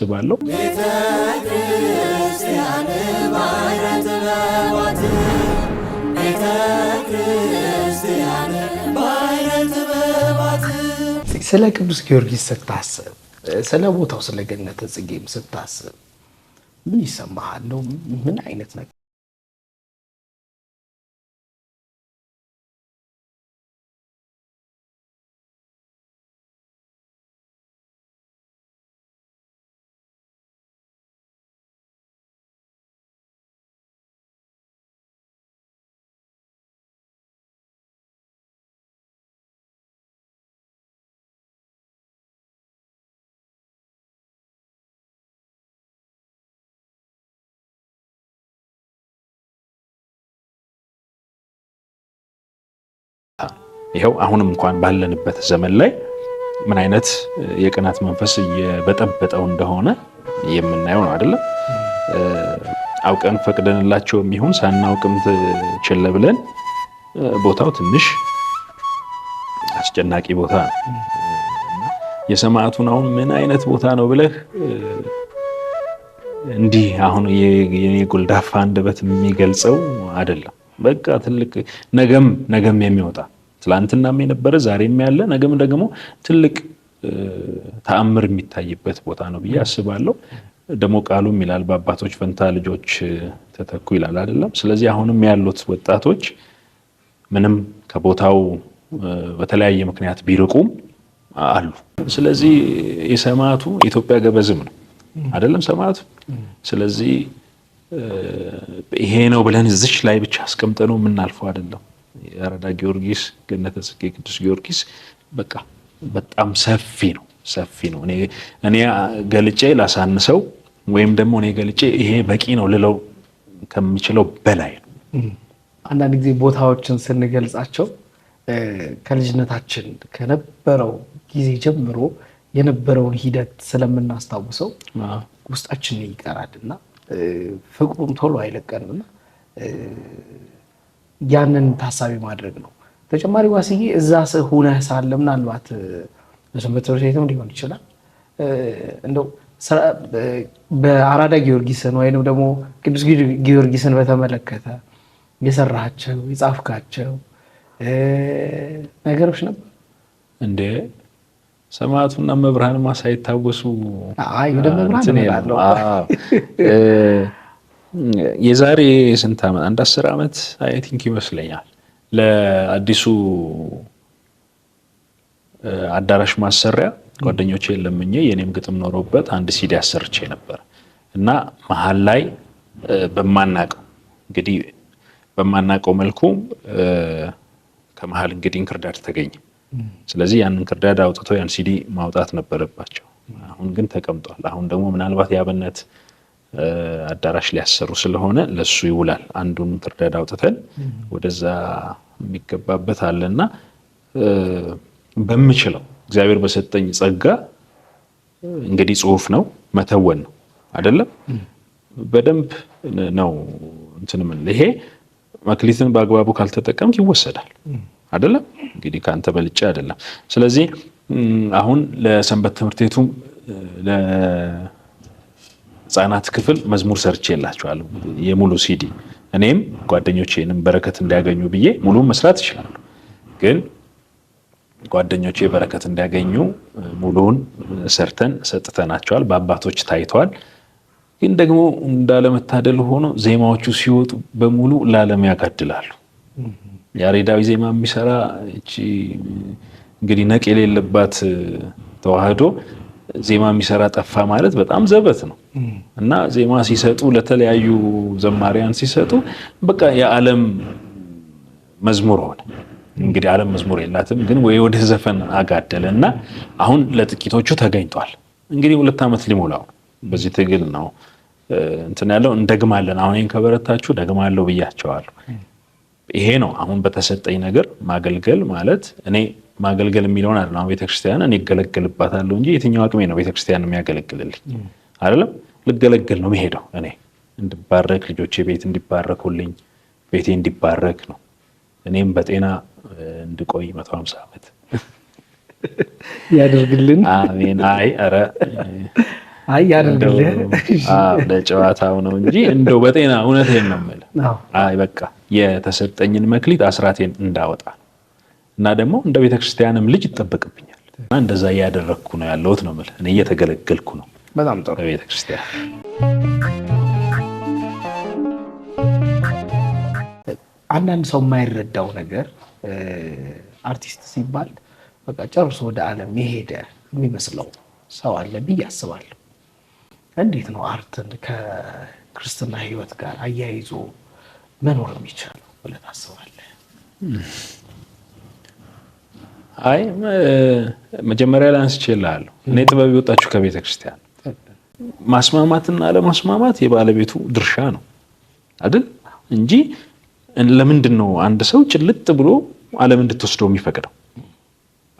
አስባለሁ። ስለ ቅዱስ ጊዮርጊስ ስታስብ፣ ስለ ቦታው ስለ ገነተ ጽጌም ስታስብ ምን ይሰማሃል? ምን አይነት ነገር ይኸው አሁንም እንኳን ባለንበት ዘመን ላይ ምን አይነት የቅናት መንፈስ እየበጠበጠው እንደሆነ የምናየው ነው አይደለም። አውቀን ፈቅደንላቸው የሚሆን ሳናውቅም ችለ ብለን ቦታው ትንሽ አስጨናቂ ቦታ ነው። የሰማዕቱን አሁን ምን አይነት ቦታ ነው ብለህ እንዲህ አሁን የኔ ጎልዳፋ አንደበት የሚገልጸው አይደለም። በቃ ትልቅ ነገም ነገም የሚወጣ ትላንትናም የነበረ ዛሬም ያለ ነገም ደግሞ ትልቅ ተአምር የሚታይበት ቦታ ነው ብዬ አስባለሁ። ደግሞ ቃሉም ይላል በአባቶች ፈንታ ልጆች ተተኩ ይላል አይደለም። ስለዚህ አሁንም ያሉት ወጣቶች ምንም ከቦታው በተለያየ ምክንያት ቢርቁም አሉ። ስለዚህ የሰማዕቱ የኢትዮጵያ ገበዝም ነው አይደለም ሰማዕቱ። ስለዚህ ይሄ ነው ብለን እዚች ላይ ብቻ አስቀምጠነው የምናልፈው አይደለም። የአረዳ ጊዮርጊስ፣ ገነተ ጽጌ፣ ቅዱስ ጊዮርጊስ በቃ በጣም ሰፊ ነው ሰፊ ነው። እኔ ገልጬ ላሳንሰው ወይም ደግሞ እኔ ገልጬ ይሄ በቂ ነው ልለው ከምችለው በላይ ነው። አንዳንድ ጊዜ ቦታዎችን ስንገልጻቸው ከልጅነታችን ከነበረው ጊዜ ጀምሮ የነበረውን ሂደት ስለምናስታውሰው ውስጣችን ይቀራልና ፍቅሩም ቶሎ አይለቀንምና ያንን ታሳቢ ማድረግ ነው። ተጨማሪ ዋስዬ እዛ ሁነ ሳለ ምናልባት በሰንበት ትምህርት ቤትም ሊሆን ይችላል እንደው በአራዳ ጊዮርጊስን ወይንም ደግሞ ቅዱስ ጊዮርጊስን በተመለከተ የሰራቸው የጻፍካቸው ነገሮች ነበር እንደ ሰማዕቱና መብርሃንማ ሳይታወሱ የዛሬ ስንት ዓመት አንድ አስር ዓመት አይ ቲንክ ይመስለኛል ለአዲሱ አዳራሽ ማሰሪያ ጓደኞቼ ለምኜ የኔም ግጥም ኖሮበት አንድ ሲዲ አሰርቼ ነበር እና መሀል ላይ በማናቀው እንግዲህ በማናቀው መልኩ ከመሀል እንግዲህ እንክርዳድ ተገኘ። ስለዚህ ያን እንክርዳድ አውጥቶ ያን ሲዲ ማውጣት ነበረባቸው። አሁን ግን ተቀምጧል። አሁን ደግሞ ምናልባት የአብነት አዳራሽ ሊያሰሩ ስለሆነ ለሱ ይውላል። አንዱን ፍርዳድ አውጥተን ወደዛ የሚገባበት አለና በምችለው እግዚአብሔር በሰጠኝ ጸጋ እንግዲህ ጽሁፍ ነው መተወን ነው አይደለም። በደንብ ነው እንትን ምን ይሄ መክሊትን በአግባቡ ካልተጠቀምክ ይወሰዳል አይደለም። እንግዲህ ከአንተ በልጬ አይደለም። ስለዚህ አሁን ለሰንበት ትምህርት ቤቱም ህጻናት ክፍል መዝሙር ሰርቼ የላቸዋል የሙሉ ሲዲ። እኔም ጓደኞቼንም በረከት እንዲያገኙ ብዬ ሙሉ መስራት ይችላሉ። ግን ጓደኞቼ በረከት እንዲያገኙ ሙሉውን ሰርተን ሰጥተናቸዋል። በአባቶች ታይተዋል። ግን ደግሞ እንዳለመታደል ሆኖ ዜማዎቹ ሲወጡ በሙሉ ለዓለም ያጋድላሉ። ያሬዳዊ ዜማ የሚሰራ እንግዲህ ነቅ የሌለባት ተዋህዶ ዜማ የሚሰራ ጠፋ ማለት በጣም ዘበት ነው እና ዜማ ሲሰጡ ለተለያዩ ዘማሪያን ሲሰጡ በቃ የዓለም መዝሙር ሆነ። እንግዲህ ዓለም መዝሙር የላትም ግን ወይ ወደ ዘፈን አጋደለ እና አሁን ለጥቂቶቹ ተገኝቷል። እንግዲህ ሁለት ዓመት ሊሞላው በዚህ ትግል ነው እንትን ያለው እንደግማለን። አሁን ይህን ከበረታችሁ ደግማለሁ ብያቸዋለሁ። ይሄ ነው አሁን በተሰጠኝ ነገር ማገልገል ማለት እኔ ማገልገል የሚለውን አይደለም። አሁን ቤተክርስቲያን እኔ እገለገልባታለሁ እንጂ የትኛው አቅሜ ነው ቤተክርስቲያን የሚያገለግልልኝ? አይደለም። ልገለገል ነው መሄደው እኔ እንድባረክ ልጆቼ ቤት እንዲባረኩልኝ ቤቴ እንዲባረክ ነው። እኔም በጤና እንድቆይ መቶ ሀምሳ ዓመት ያደርግልን። አሜን። አይ ኧረ አይ ያደርግልን። ለጨዋታው ነው እንጂ እንደው በጤና እውነቴን ነው የምልህ። አይ በቃ የተሰጠኝን መክሊት አስራቴን እንዳወጣ እና ደግሞ እንደ ቤተክርስቲያንም ልጅ ይጠበቅብኛል እና እንደዛ እያደረግኩ ነው ያለሁት ነው የምልህ። እኔ እየተገለገልኩ ነው። በጣም ጥሩ ክርስቲያን አንዳንድ ሰው የማይረዳው ነገር አርቲስት ሲባል በቃ ጨርሶ ወደ ዓለም የሄደ የሚመስለው ሰው አለ ብዬ አስባለሁ። እንዴት ነው አርትን ከክርስትና ሕይወት ጋር አያይዞ መኖር የሚቻለው ብለህ ታስባለህ? አይ መጀመሪያ ላይ አንስቼልሃለሁ። እኔ ጥበብ የወጣችሁ ከቤተ ክርስቲያን ማስማማትና አለማስማማት የባለቤቱ ድርሻ ነው አይደል እንጂ ለምንድን ነው አንድ ሰው ጭልጥ ብሎ ዓለም እንድትወስደው የሚፈቅደው?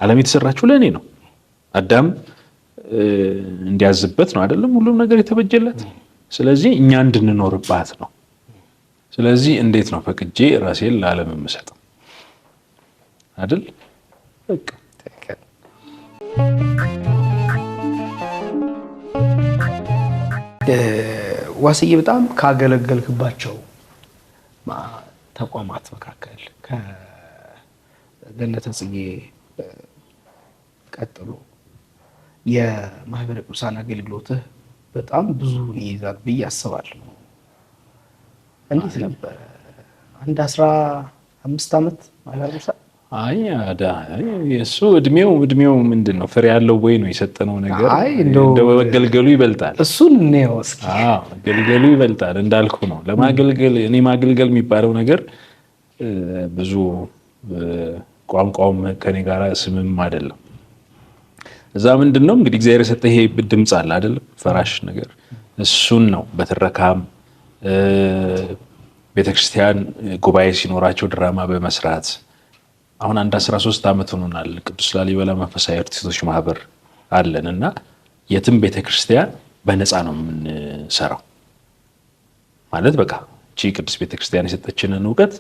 ዓለም የተሰራችው ለእኔ ነው። አዳም እንዲያዝበት ነው አይደለም ሁሉም ነገር የተበጀለት። ስለዚህ እኛ እንድንኖርባት ነው። ስለዚህ እንዴት ነው ፈቅጄ ራሴን ለዓለም የምሰጠው አይደል? ዋስዬ በጣም ካገለገልክባቸው ተቋማት መካከል ከገነተ ጽጌ ቀጥሎ የማህበረ ቅዱሳን አገልግሎትህ በጣም ብዙ ይይዛል ብዬ አስባለሁ። እንዴት ነበረ? አንድ አስራ አምስት ዓመት ማህበረ ቅዱሳን አይ አዳ እድሜው እድሜው ምንድን ነው ፍሬ ያለው ወይ ነው የሰጠነው ነገር መገልገሉ ይበልጣል። እሱን እስኪ መገልገሉ ይበልጣል እንዳልኩ ነው ለማገልገል እኔ ማገልገል የሚባለው ነገር ብዙ ቋንቋውም ከኔ ጋር ስምም አይደለም። እዛ ምንድን ነው እንግዲህ እግዚአብሔር የሰጠ ይሄ ድምፅ አለ አይደለም ፈራሽ ነገር እሱን ነው በትረካም ቤተክርስቲያን ጉባኤ ሲኖራቸው ድራማ በመስራት አሁን አንድ 13 ዓመት ሆኖናል። ቅዱስ ላሊበላ መንፈሳዊ አርቲስቶች ማህበር አለን እና የትም ቤተክርስቲያን በነፃ ነው የምንሰራው። ማለት በቃ እቺ ቅዱስ ቤተክርስቲያን የሰጠችንን እውቀት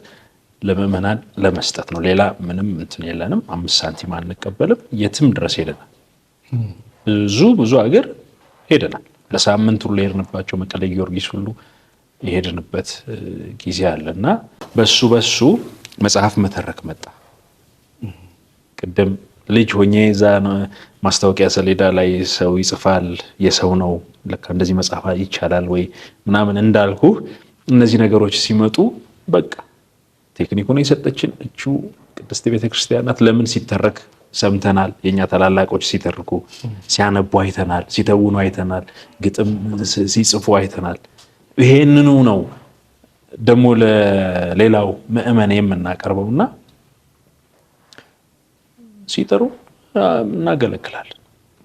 ለመመናን ለመስጠት ነው። ሌላ ምንም እንትን የለንም። አምስት ሳንቲም አንቀበልም። የትም ድረስ ሄደናል። ብዙ ብዙ አገር ሄደናል። ለሳምንት ሁሉ የሄድንባቸው መቀለ ጊዮርጊስ ሁሉ የሄድንበት ጊዜ አለ እና በሱ በሱ መጽሐፍ መተረክ መጣ ቅድም ልጅ ሆኜ እዛ ማስታወቂያ ሰሌዳ ላይ ሰው ይጽፋል፣ የሰው ነው ለካ እንደዚህ መጻፍ ይቻላል ወይ ምናምን እንዳልኩ እነዚህ ነገሮች ሲመጡ በቃ ነው የሰጠችን እቹ ቅድስት ቤተክርስቲያናት ለምን ሲተረክ ሰምተናል። የእኛ ታላላቆች ሲተርኩ ሲያነቡ አይተናል፣ ሲተውኑ አይተናል፣ ግጥም ሲጽፉ አይተናል። ይሄንኑ ነው ደግሞ ለሌላው ምዕመን እና ሲጥሩ እናገለግላለን።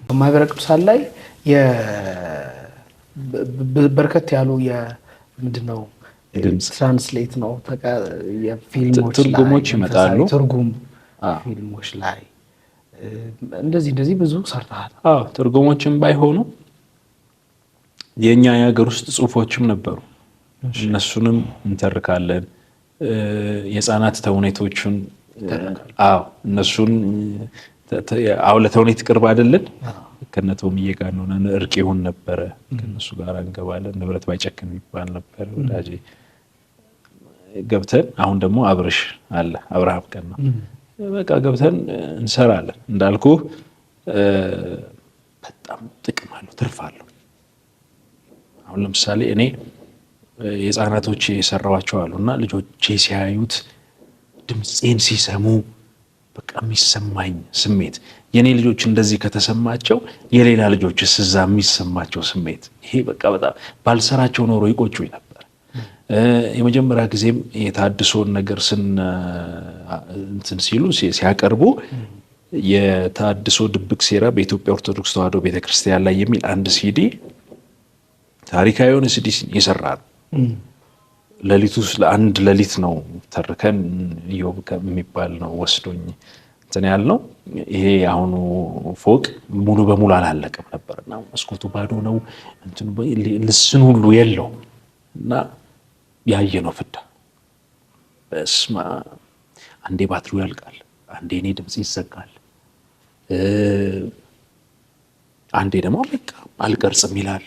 በማህበረ ቅዱሳን ላይ በርከት ያሉ ምንድን ትራንስሌት ነው ትርጉሞች ይመጣሉ። ትርጉም ፊልሞች ላይ እንደዚህ እንደዚህ ብዙ ሰርተሃል። ትርጉሞችም ባይሆኑ የእኛ የሀገር ውስጥ ጽሁፎችም ነበሩ። እነሱንም እንተርካለን። የህፃናት ተውኔቶቹን አዎ እነሱን አሁን ለተውኔት ቅርብ አይደለን ከነቶምዬ ጋር እንሆነን እርቅ ይሁን ነበረ። ከነሱ ጋር እንገባለን ንብረት ባይጨክን ይባል ነበር ወዳጄ ገብተን አሁን ደግሞ አብርሽ አለ አብርሃም ቀን ነው በቃ ገብተን እንሰራለን። እንዳልኩ በጣም ጥቅም አለው፣ ትርፍ አለው። አሁን ለምሳሌ እኔ የህፃናቶቼ የሰራዋቸው አሉ እና ልጆቼ ሲያዩት ድምፄን ሲሰሙ በቃ የሚሰማኝ ስሜት የእኔ ልጆች እንደዚህ ከተሰማቸው የሌላ ልጆች ስዛ የሚሰማቸው ስሜት ይሄ በቃ በጣም ባልሰራቸው ኖሮ ይቆጩኝ ነበር። የመጀመሪያ ጊዜም የታድሶን ነገር ስንትን ሲሉ ሲያቀርቡ የታድሶ ድብቅ ሴራ በኢትዮጵያ ኦርቶዶክስ ተዋሕዶ ቤተክርስቲያን ላይ የሚል አንድ ሲዲ ታሪካዊ የሆነ ሲዲ ይሰራል። ሌሊቱ ለአንድ ሌሊት ነው ተርከን ኢዮብ የሚባል ነው ወስዶኝ እንትን ያልነው። ይሄ አሁኑ ፎቅ ሙሉ በሙሉ አላለቀም ነበር እና መስኮቱ ባዶ ነው፣ ልስን ሁሉ የለው እና ያየ ነው ፍዳ። በስመ አብ አንዴ ባትሪው ያልቃል፣ አንዴ እኔ ድምፅ ይዘጋል፣ አንዴ ደግሞ በቃ አልቀርጽም ይላል።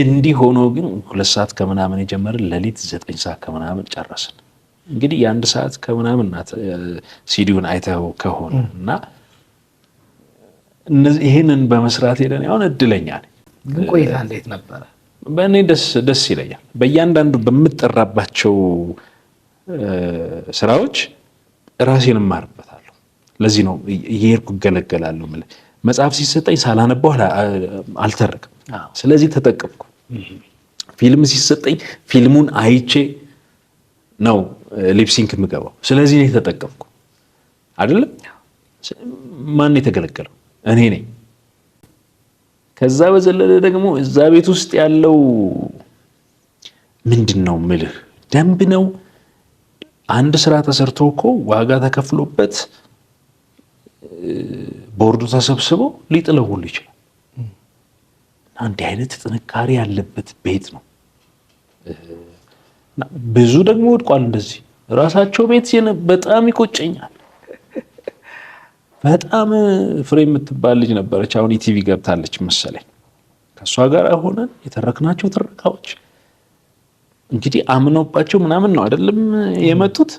እንዲህ ሆኖ ግን ሁለት ሰዓት ከምናምን የጀመርን ሌሊት ዘጠኝ ሰዓት ከምናምን ጨረስን። እንግዲህ የአንድ ሰዓት ከምናምን ናት ሲዲውን አይተው ከሆነ እና ይህንን በመስራት ሄደን አሁን እድለኛ ቆይታ እንዴት ነበረ? በእኔ ደስ ይለኛል። በእያንዳንዱ በምጠራባቸው ስራዎች ራሴን እማርበታለሁ። ለዚህ ነው እየሄድኩ እገለገላለሁ። መጽሐፍ ሲሰጠኝ ሳላነባው አልተርቅም። ስለዚህ ተጠቀምኩ። ፊልም ሲሰጠኝ ፊልሙን አይቼ ነው ሊፕሲንክ የምገባው። ስለዚህ ነው ተጠቀምኩ አይደለም። ማን የተገለገለው? እኔ ነኝ። ከዛ በዘለለ ደግሞ እዛ ቤት ውስጥ ያለው ምንድን ነው ምልህ ደንብ ነው። አንድ ስራ ተሰርቶ እኮ ዋጋ ተከፍሎበት ቦርዱ ተሰብስቦ ሊጥለው ይችላል። አንድ አይነት ጥንካሬ ያለበት ቤት ነው። ብዙ ደግሞ ወድቋል። እንደዚህ ራሳቸው ቤት በጣም ይቆጨኛል። በጣም ፍሬ የምትባል ልጅ ነበረች። አሁን ኢቲቪ ገብታለች መሰለኝ። ከእሷ ጋር ሆነን የተረክናቸው ትረካዎች እንግዲህ አምነውባቸው ምናምን ነው አይደለም የመጡት።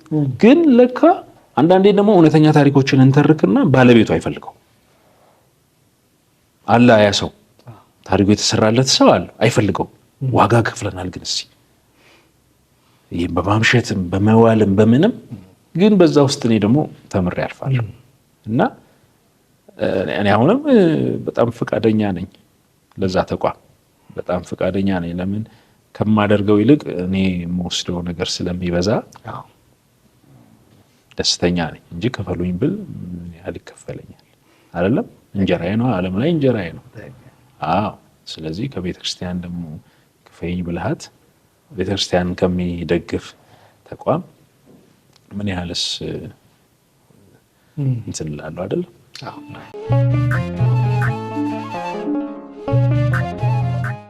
ግን ለካ አንዳንዴ ደግሞ እውነተኛ ታሪኮችን እንተርክና ባለቤቱ አይፈልገው አለ ያ ሰው ታሪኩ የተሰራለት ሰው አለ አይፈልገው ዋጋ ከፍለናል። ግን እስኪ ይህም በማምሸትም በመዋልም በምንም ግን በዛ ውስጥ እኔ ደግሞ ተምሬ ያልፋል እና እኔ አሁንም በጣም ፈቃደኛ ነኝ ለዛ ተቋም በጣም ፈቃደኛ ነኝ። ለምን ከማደርገው ይልቅ እኔ የምወስደው ነገር ስለሚበዛ ደስተኛ ነኝ እንጂ ከፈሉኝ ብል ያህል ይከፈለኛል። አይደለም እንጀራዬ ነው፣ ዓለም ላይ እንጀራዬ ነው። አዎ። ስለዚህ ከቤተ ክርስቲያን ደግሞ ክፈይኝ ብልሃት ቤተ ክርስቲያን ከሚደግፍ ተቋም ምን ያህልስ እንትን እላለሁ አይደለም?